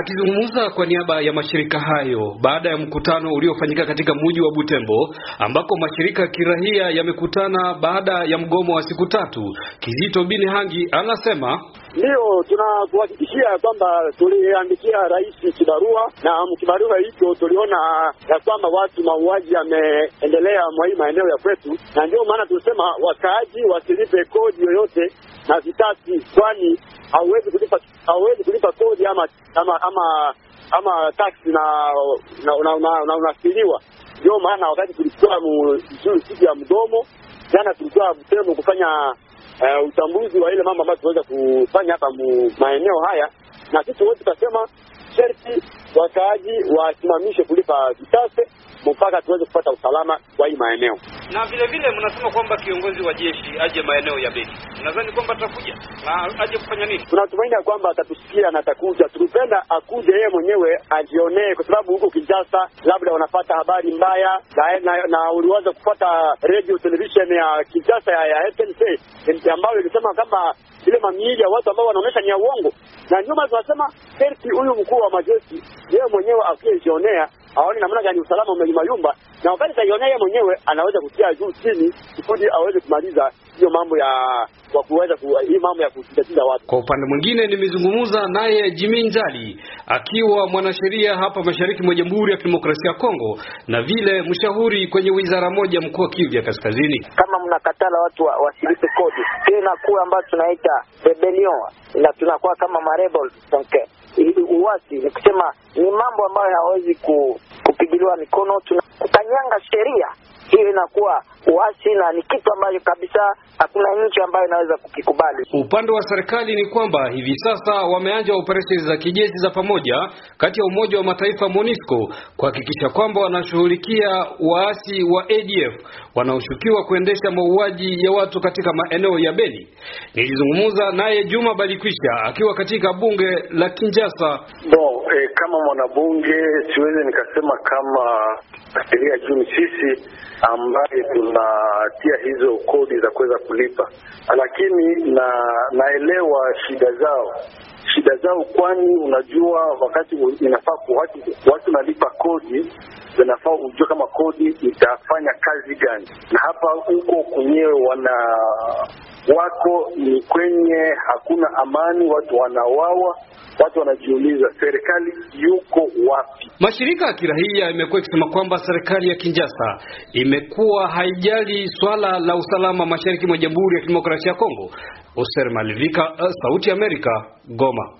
Akizungumza kwa niaba ya mashirika hayo baada ya mkutano uliofanyika katika mji wa Butembo ambako mashirika kirahia yamekutana baada ya mgomo wa siku tatu, Kizito bini hangi anasema ndiyo, tunakuhakikishia kwamba tuliandikia rais kibarua, na mkibarua hicho tuliona ya kwamba watu mauaji yameendelea mwa hii maeneo ya kwetu, na ndio maana tulisema wakaaji wasilipe kodi yoyote na vitasi, kwani hauwezi kulipa hawezi kulipa kodi ama ama ama ama taksi na na unafiliwa. Ndio maana wakati tulikuwa siku ya mdomo jana, tulikuwa Butembo kufanya uh, utambuzi wa ile mambo ambayo tunaweza kufanya hapa maeneo haya, na sisi wote tukasema sherti wakaaji wasimamishe kulipa vitase mpaka tuweze kupata usalama kwa hii maeneo na vile vile mnasema kwamba kiongozi wa jeshi aje maeneo ya Beni. Nadhani kwamba atakuja na aje kufanya nini? Tunatumaini ya kwamba atatusikia na atakuja. Tulipenda akuje yeye mwenyewe ajionee, kwa sababu huko Kinshasa labda wanapata habari mbaya na, na, na uliwaza kupata radio television ya Kinshasa ya, ya SNC ambayo ilisema kama ile mamiili ya watu ambao wanaonesha ni ya uongo, na nyuma tunasema serti huyu mkuu wa majeshi yeye mwenyewe akijionea aone namna gani usalama umeyumayumba na wakati taiona yeye mwenyewe anaweza kutia juu chini kusudi aweze kumaliza hiyo mambo ya kwa kuweza ku, hii mambo ya kutatiza watu. Kwa upande mwingine, nimezungumza naye Jimmy Njali akiwa mwanasheria hapa mashariki mwa Jamhuri ya Kidemokrasia ya Kongo na vile mshauri kwenye wizara moja mkoa Kivu ya Kaskazini. Kama mnakatala watu wa, wasilipe kodi, tena inakuwa ambayo tunaita rebellion na tunakuwa kama marebel uwasi, ni kusema ni mambo ambayo hawezi kupigiliwa mikono tuna kukanyanga sheria, hiyo inakuwa uasi na ni kitu ambacho kabisa hakuna nchi ambayo inaweza kukikubali. Upande wa serikali ni kwamba hivi sasa wameanza operesheni za kijeshi za pamoja kati ya Umoja wa Mataifa MONUSCO kuhakikisha kwamba wanashughulikia waasi wa ADF wanaoshukiwa kuendesha mauaji ya watu katika maeneo ya Beni. Nilizungumza naye Juma Balikwisha akiwa katika bunge la Kinshasa. Bo kama mwanabunge siwezi nikasema kama sheria ni sisi ambaye tunatia hizo kodi za kuweza kulipa, lakini na naelewa shida zao shida zao, kwani unajua wakati inafaa watu, watu nalipa kodi zinafaa ujue kama kodi itafanya kazi gani, na hapa huko kwenyewe wana wako ni kwenye hakuna amani, watu wanawawa watu wanajiuliza serikali yuko wapi? Mashirika ya kirahia imekuwa ikisema kwamba serikali ya Kinshasa imekuwa haijali swala la usalama mashariki mwa Jamhuri ya Kidemokrasia ya Kongo. Oser Malivika, Sauti ya Amerika, Goma.